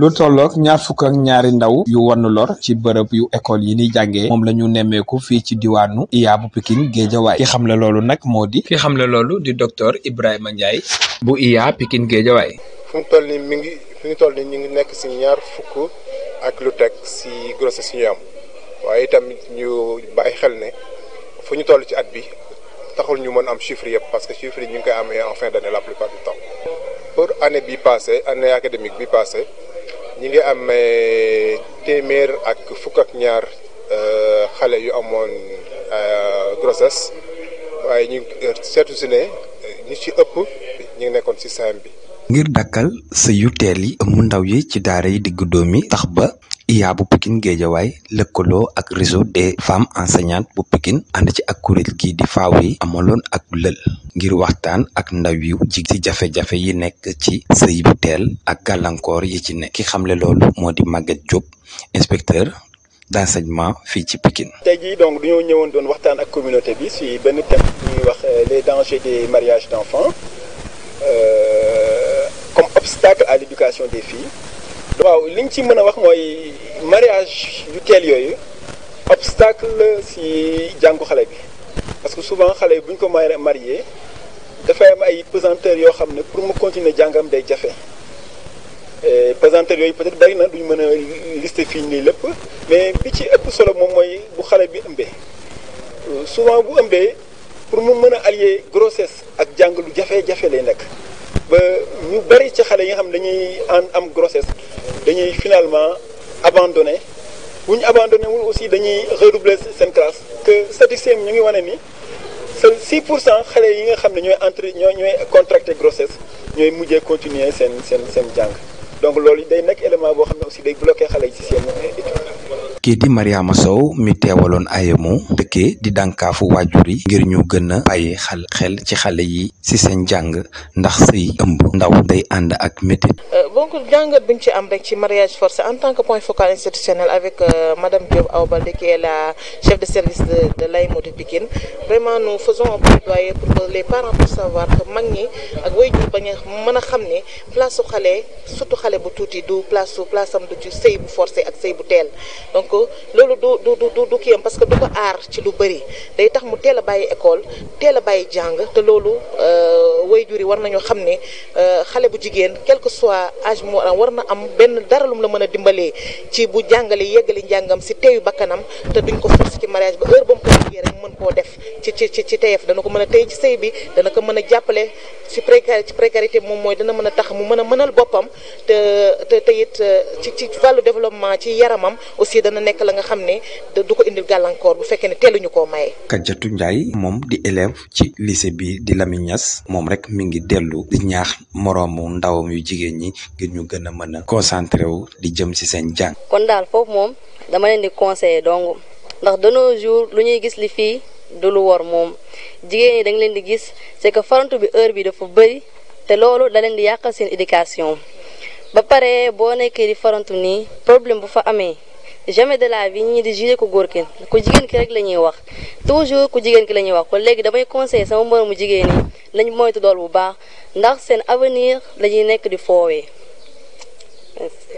lu tolloog ñaar fukk ak ñaari ndaw yu wann lor ci bërëb yu école yi ni jàngee moom la ñu nemmeeku fii ci diwaanu iya bu Pikine Géejawaay ki xam la loolu nag moo di xam la loolu di docteur Ibrahima Ndiaye bu iya Pikine Géejawaay fu mu toll ni mi ngi fu ñu toll ni ñu ngi nekk si ñaar fukk ak lu teg si grossesse yi ñu am waaye itam ñu bàyyi xel ne fu ñu toll ci at bi taxul ñu mën am chiffre yëpp parce que chiffre ñu ngi koy amee en fin d'année la plupart du temps pour année bi passée année académique bi passée ñi ngi am eh, téeméer ak fukk ak ñaar eh, xale yu amoon eh, grossesse waaye ñu seetu si ne ñi ci ëpp ñu ngi nekkoon ci saam bi ngir dakkal sa teel yi mu ndaw yi ci daara yi diggu dóomi tax ba iya bu Pikine Guédiawaye lekkolo ak réseau des femmes enseignantes bu Pikine ànd ci ak kuréel gii di FAWE amalon ak leul ngir waxtaan ak ndaw yu jig ci jafé jafé yi nek ci sëy bu teel ak gàllankoor yi ci nek ki xamlé loolu moo di job inspecteur d'enseignement fi ci Pikine. tey jii donc dañu ñëwoon doon waxtaan ak communauté bi ci benn thème ñuy wax euh, les dangers des mariages d'enfants euh, comme obstacle à l'éducation des filles waaw liñ ci mën a wax mooy mariage yu teel yooyu obstacle si jàngu xale bi parce que souvent xale yi bu ñu ko marié dafay am ay pesanteur yoo xam ne pour mu continuer jàngam day jafe pesanteur yooyu peut-être bari na duñ mën a lister fii nii lépp mais bi ci ëpp solo moom mooy bu xale bi ëmbee souvent bu ëmbee pour mu mën a allier grossesse ak jàng lu jafe-jafe lay nekk ba ñu bari ci xale yi nga xam dañuy am grossesse dañuy finalement abandonné buñ abandonné wul aussi dañuy redoubler sen classe que statistique ñu ngi wone ni se 6 xalé yi nga xamné ñoy ñooy entre ñooy ñooy grossesse ñoy mujjé continuer sen sen seen jàng donc loolu day nekk élément boo xam ne aussi day bloqué xale yi ci seen di Mariama Sow mi teewaloon ayemu dëkkee di dànkaafu waajur yi ngir ñu gën a xal xel ci xale yi ci seen jàng ndax sëy ëmb ndaw day ànd ak métit euh, donc jàngat bi ñu ci am rek ci mariage forcé en tant que point focal institutionnel avec euh, madame Diop Awa Baldé qui est la chef de service de de l'AEMO de Pikine vraiment nous faisons pour les parents puissent savoir que ak waajur bañ a mën a xam ne place su xale surtout xale xale bu tuuti du place su place am du ci sëy bu forcé ak sëy bu teel donc loolu du du du du kiyam parce que du ko aar ci lu bari day tax mu teel a bàyyi école teel a bàyyi jàng te loolu euh, waajur yi war nañu xam ne euh, xale bu jigéen quel que soit âge mu war na am benn dara lum la mën a dimbalee ci bu jàngale yeggali njàngam si teeyu bakkanam te duñ ko force ci mariage ba heure ba mu ko liggéey rek mën koo def ci ci ci dana ko mën a tey ci sëy bi dana ci précarité ci précarité moom mooy dana mën a tax mu mënal boppam te te te euh, ci ci wàllu développement ci yaramam aussi dana nekk la nga xam ne du ko indil gàllankoor bu fekkee ne teeluñu koo maye. Kajatu Ndiaye moom di élève ci lycée bi di Lamine Niass moom rek mi ngi dellu di ñaax moroomu ndawam yu jigéen ñi ngir ñu gën a mën a concentré wu di jëm ci seen jàng. kon daal foofu moom dama leen di conseiller donc ndax de nos lu ñuy gis li fii du lu wor moom. jigéen ñi da leen di gis c'est que farantu bi heure bi dafa bëri te loolu da leen di yàqal seen éducation ba pare boo nekkee di farantu nii problème bu fa amee jamais de la vie ñii di jugé ko góor ki ku jigéen ki rek la ñuy wax toujours ku jigéen ki la ñuy wax kon léegi damay conseillé sama moromu jigéen ñi lañ moytu dool bu baax ndax seen avenir lañuy nekk di foowee